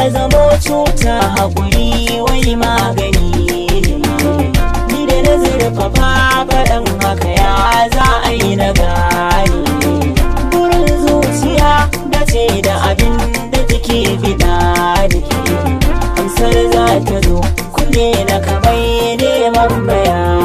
ta zamo cuta hakuri wani magani ni da na zurfafa faɗan haka ya za a yi na gani burin zuciya da ce da abin da take fita da ke amsar za ta zo kunne na kamar neman bayani